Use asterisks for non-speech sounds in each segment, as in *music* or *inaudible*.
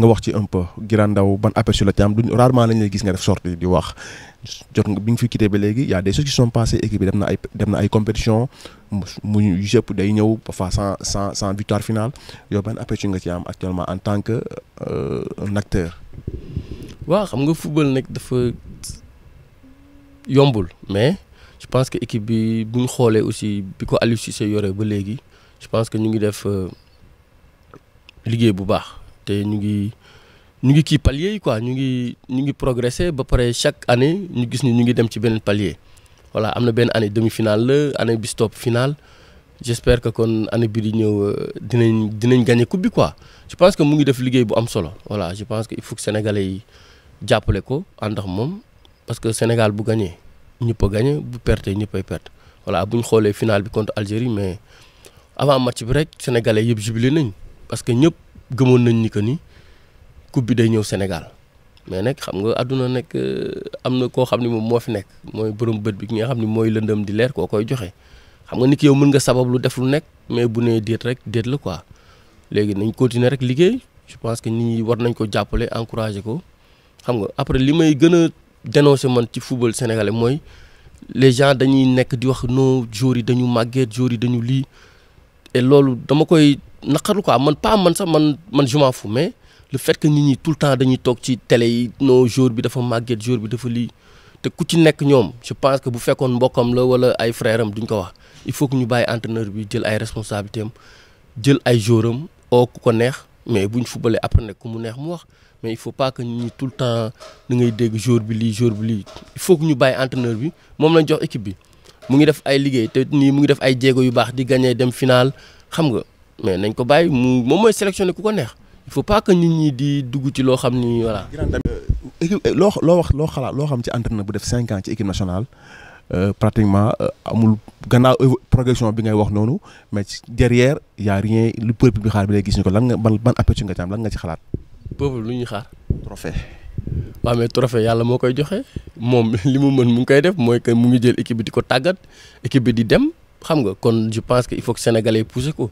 nga wax ci un peu Guira ban aperçu la ci am rarement lañ lay gis nga def sortie di wax jot nga biñ fi quitté ba Il y a des choses qui sont passées équipe bi dem na ay dem na ay compétition mu yu yëpp day ñew parfois sans sans sans victoire finale yow ban aperçu nga ci am actuellement en tant que euh, un acteur. wa xam nga football nek dafa yombul mais je pense que équipe bi buñ xolé aussi biko ko Aliou Cissé yore ba légui je pense que ñu ngi def euh, liggéey bu baax té ñu ngi ñu ngi ki palier quoi ñu ngi ñu ngi progresser ba pare chaque année ñu gis ni ñu ngi dem ci benen palier voilà amna benn année demi-finale année bi stop finale j'espère que kon année bi di ñëw euh, dinañ dinañ gagner coupe bi quoi je pense que mu ngi def liggéey bu am solo voilà je pense que il faut que sénégalais yi jàppale ko andax mom parce que Sénégal bu gagner ñu peut gagner bu perdre ñu peut perdre voilà buñ xolé finale bi contre Algérie mais avant match bi rek sénégalais yeb jubilé nañ parce que ñëpp. gëmoon nañ ni que ni coupe bi day ñëw Sénégal mais nag xam nga àdduna nekk euh, am na koo xam ne moom moo fi nekk mooy borom bët bi ki nga xam ne mooy lëndëm di leer koo koy joxe xam nga ni ki yow mën nga sabab lu def lu nekk mais bu nee déet rek déet la quoi léegi nañ continuer rek liggéey je pense que nit war nañ ko jàppale encourager ko xam nga après li may gën a dénoncer man ci football sénégalais mooy les dañuy nekk di wax noo joueurs yi dañu màgget joueurs yi dañu lii naqarlu quoi man pas man ça. man man je m'en fous mais le fait que nous ñi tout le temps dañuy tok ci télé yi jours, jour bi dafa màgget jour bi dafa li te ku ci nek ñom je pense que bu fekkon mbokam la wala ay frère duñ ko wax il faut que ñu bàyyi entraîneur bi jël ay responsabilités am jël ay jouram oo ku ko neex mais buñ footballé après nek ku mu neex mu wax mais il faut pas que ñi tout le temps da ngay dégg jour bi li jour bi li il faut que ñu bàyyi entraîneur bi mom lañ jox équipe bi mu ngi def ay liggéey te nii mu ngi def ay jéego yu baax di gagner dem final xam nga. mais nañ ko bàyyi mu moom mooy sélectionné ku ko neex il faut pas que nit ñi di dugg ci loo xam ni voilà. Euh, euh, loo loo wax loo xalaat loo xam ci entraîneur bu def cinq ans ci équipe nationale euh, pratiquement amul gannaaw progression bi ngay wax noonu mais derrière y a rien lu peuple bi xaar bi lay gis ñu ko lan nga ban ban appétit nga ci am lan nga ci xalaat. peuple lu ñuy xaar. trophée. waaw mais trophée yàlla moo koy joxe moom *laughs* li mu mën mu ngi koy def mooy que mu ngi jël équipe bi di ko tàggat équipe bi di dem xam nga kon je pense que il faut que sénégalais ko.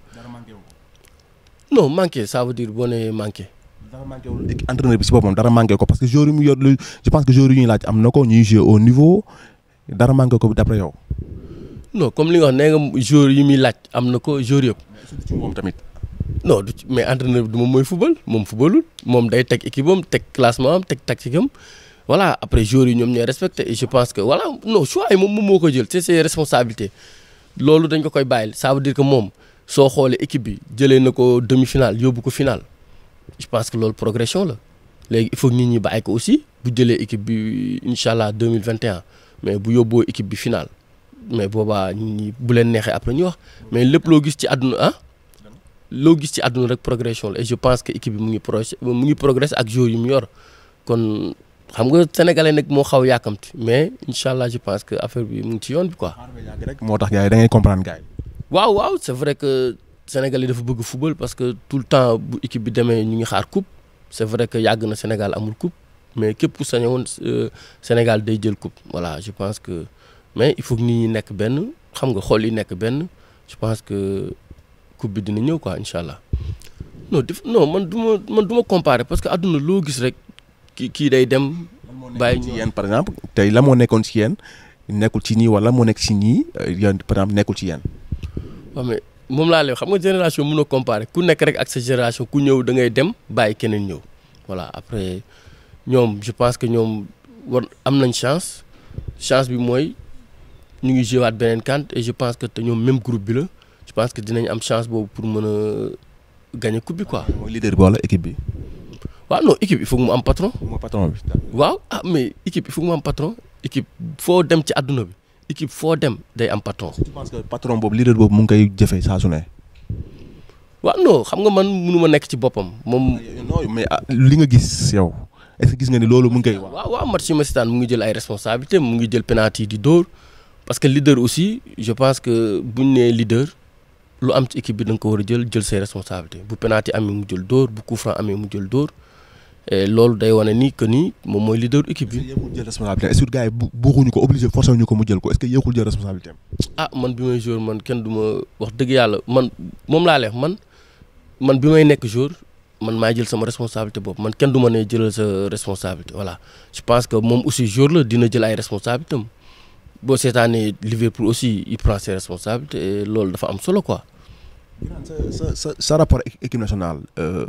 non manqué ça veut dire que manqué. dara manqué manqué parce que je pense que joueur yi am au niveau dara manqué d'après yow. non comme li wax nee joueur yi non mais entraîneur du football mom, football. day équipe classement am tactique voilà après joueurs yi respecté et je pense que voilà non choix est mon c'est ses responsabilités ça veut dire que mon soo xoolee équipe bi jëlee na ko demi finale yóbbu ko finale je pense que loolu progression la léegi il faut nit ñi bàyyi ko aussi bu jëlee équipe bi incha allah deux mais bu yóbboo équipe bi finale mais boobaa nit ñi bu leen neexee après ñu wax mais lépp loo gis ci àdduna ah loo gis ci àdduna rek progression la et je pense que équipe bi mu ngi pro mu ngi progresse ak jour yu mu yor kon xam nga sénégalais nag moo xaw yàkkamti mais incha allah je pense que affaire bi mu ngi ci yoon bi quoi. moo tax gars yi da ngay comprendre gars yi waaw waaw c'est vrai que Sénégal yi dafa bëgg football parce que tout le temps bu équipe bi demee ñu ngi xaar coupe c'est vrai que yàgg na Sénégal amul coupe mais képp ku sañoon euh, Sénégal day jël coupe voilà je pense que mais il faut que nit ñi nekk benn xam nga xol yi nekk benn je pense que coupe bi dina ñëw quoi incha allah non non man duma man duma comparer parce que àdduna loo gis rek ki kii day dem. bàyyi ci yenn par exemple tey la moo nekkoon ci yenn nekkul ci nii wala moo nekk ci nii euh, yenn par exemple nekkul ci yenn mais mom la lay xam nga génération mun comparer ku nek rek ak sa génération ku ñëw da ngay dem bay keneen ñëw voilà après ñom je pense que ñom am nañ chance chance bi moy ñu ngi joué benen kante et je pense que te ñoom même groupe bi la je pense que dinañ am chance bobu pour mëna gagner coupe bi quoi. mooy leader bi wala équipe bi. wa non équipe il faut mu am patron. mooy patron bi. waaw ah mais équipe il faut mu am patron équipe faut dem ci aduna bi équipe foo dem day am patron. je pense que patron boobu leader boobu mu ngi koy jëfee saa su ne. waaw non xam nga man mënu ma nekk ci bopam mom ah, non mais ah, li nga gis yow est-ce gis nga ni lolu mu ngi wa waaw waaw match yi ma mu ngi jël ay responsabilités mu ngi jël penalty di dóor parce que leader aussi je pense que buñ né leader lu am ci équipe bi da nga ko war jël jël ses responsabilités bu penalty amee mu jël dóor bu coup franc amee mu jël dóor. loolu day wane ni que ni moom mooy leader équipe bi. est-ce que gars yi buuxuñu ko obligé forcé ñu ko mu jël ko est-ce que yéexul jël responsabilité ah man bi may joueur man kenn du ma wax dëgg yàlla man moom laa leex man man bi may nekk joueur man maa jël sama responsabilité boobu man kenn du ma ne jëlal sa responsabilité voilà je pense que moom aussi joueur la dina jël ay responsabilités am boo seetaanee Liverpool aussi il prend loolu dafa am solo quoi. sa sa sa rapport équipe nationale euh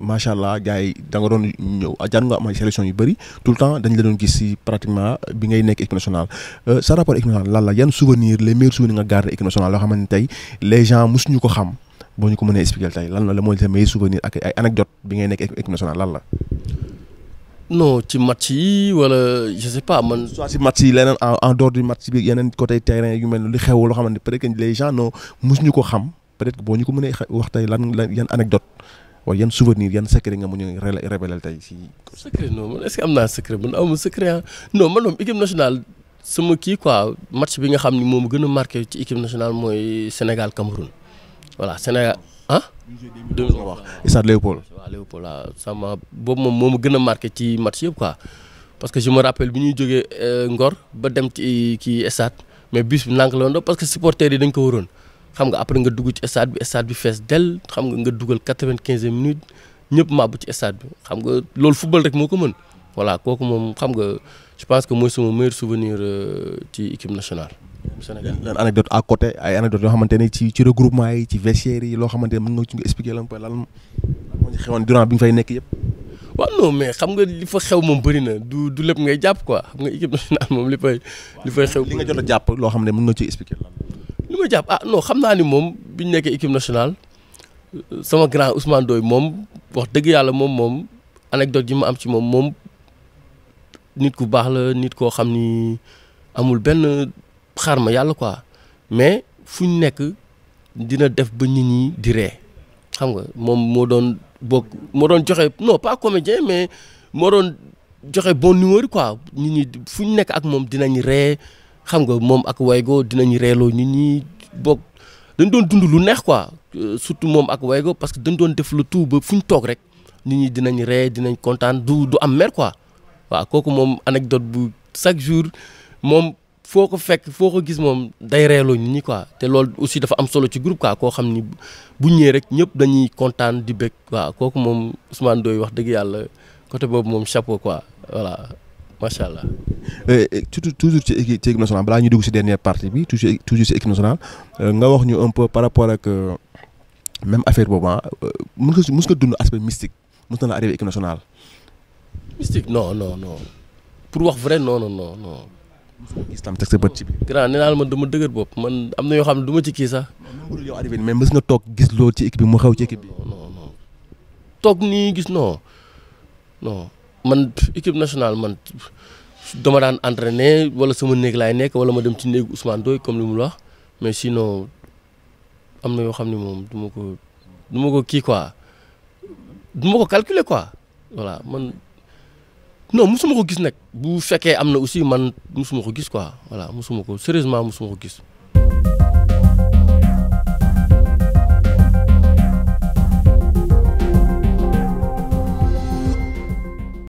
machallah gay da nga doon ñëw ah, jaan nga am sélection yu bari tout le temps dañ la don gis ci pratiquement bi ngay nek équipe nationale euh, sa rapport équipe nationale lan la yane souvenir les meilleurs souvenirs nga garder équipe nationale lo xamanteni ne les gens mosuñu ko xam boo ñu ko mënee expliquer tay lan la la mooy les meilleurs souvenirs ak ay anecdote bi ngay nek équipe nationale lan la. non ci match yi wala je sais pas man. soit ci match yi lenen en en dehors du match bi yenen côté terrain yu mel li xewu lo xamanteni ne peut-être que les gens non mosuñu ko xam. peut-être ñu ko mënee wax tey lan lan yan anecdote wala yan souvenir yan moom sama kii quoi match bi nga xam ni moom gën a marqué ci équipe nationale mooy Sénégal Cameroun voilà Sénégal ah. dégg nga wax Stade Léopold. waaw Léopold waaw ah, sama boobu moom moo ma gën a marqué ci match yëpp quoi parce que je me rappelle bi ñuy jógee euh, Ngor ba dem ci kii stade mais bus bi nànk la woon parce que supporters yi dañ ko waroon. xam nga après nga dugg ci stade bi stade bi fess del xam nga nga dugal 95e minute ñepp mabbu ci stade bi xam nga lool football rek moko mën voilà kooku mom xam nga je pense que moy sama meilleur souvenir euh, ci équipe nationale. Sénégal lan anecdote à côté ay anecdote yo xamante ci ci regroupement yi ci vestiaire yi lo xamante ne mën nga ci expliquer lan lan mo ci xewoon durant biñ fay nekk yépp wa non mais xam nga li fa xew mom bari na du du lépp ngay japp quoi xam nga équipe nationale mom li fay. li fay xew li nga jot japp lo loo xam mën nga ci expliquer lan. li ma jàpp ah non xam naa ni moom bi ñu nekkee équipe nationale euh, sama grand Ousmane Doy moom wax dëgg yàlla moom moom anecdote yi ma am ci moom moom nit ku baax la nit koo xam ni amul benn xar ma yàlla quoi mais fu ñu nekk dina def ba nit ñi di ree xam nga moom moo doon bokk moo doon joxe non pas comédien mais moo doon joxe bon humeur quoi nit ñi fu ñu nekk ak moom dinañ ree. xam nga moom ak waygo dinañ reeloo nit ñi bokk dañ doon dund lu neex quoi euh, surtout moom ak waygo parce que dañ doon def le tout ba fu ñu toog rek nit ñi dinañ ree dinañ kontaan du du am mer waaw kooku moom anecdote bu chaque jour moom foo ko fekk foo ko gis moom day reeloo nit ñi te loolu aussi dafa am solo ci groupe quoi koo xam ni bu ñëwee rek ñëpp dañuy kontaan di bëgg waaw kooku moom Ousmane dooy wax dëgg yàlla côté boobu moom chapeau quoi voilà macha allah. Eh, eh, surtout toujours ci équipe ci balaa ñuy dugg si dernière partie bi toujours toujours si équipe euh, nga wax ñu un peu par rapport ak euh, même affaire boobu ah euh, mën nga dund aspect mystique mës na la arrivé équipe nationale. mystique non pour wax vrai non non non sa bët ci bi grand nee naa la man dama dëgër bopp man am na yoo xam ne du ci kii sax. man mais mës nga toog gis loolu ci équipe bi mu xew ci équipe bi. non non toog nii gis non man équipe nationale man dama daan entraîner wala sama néeg laay nekk wala ma dem ci néegu Ousmane Doy comme li mu wax mais sinon am na yoo xam ni moom duma ko du ma ko kii quoi du ma ko calculer quoi voilà man non musuma ko gis nag bu fekkee am na aussi man musuma ko gis quoi voilà musuma ko sérieusement musuma ko gis.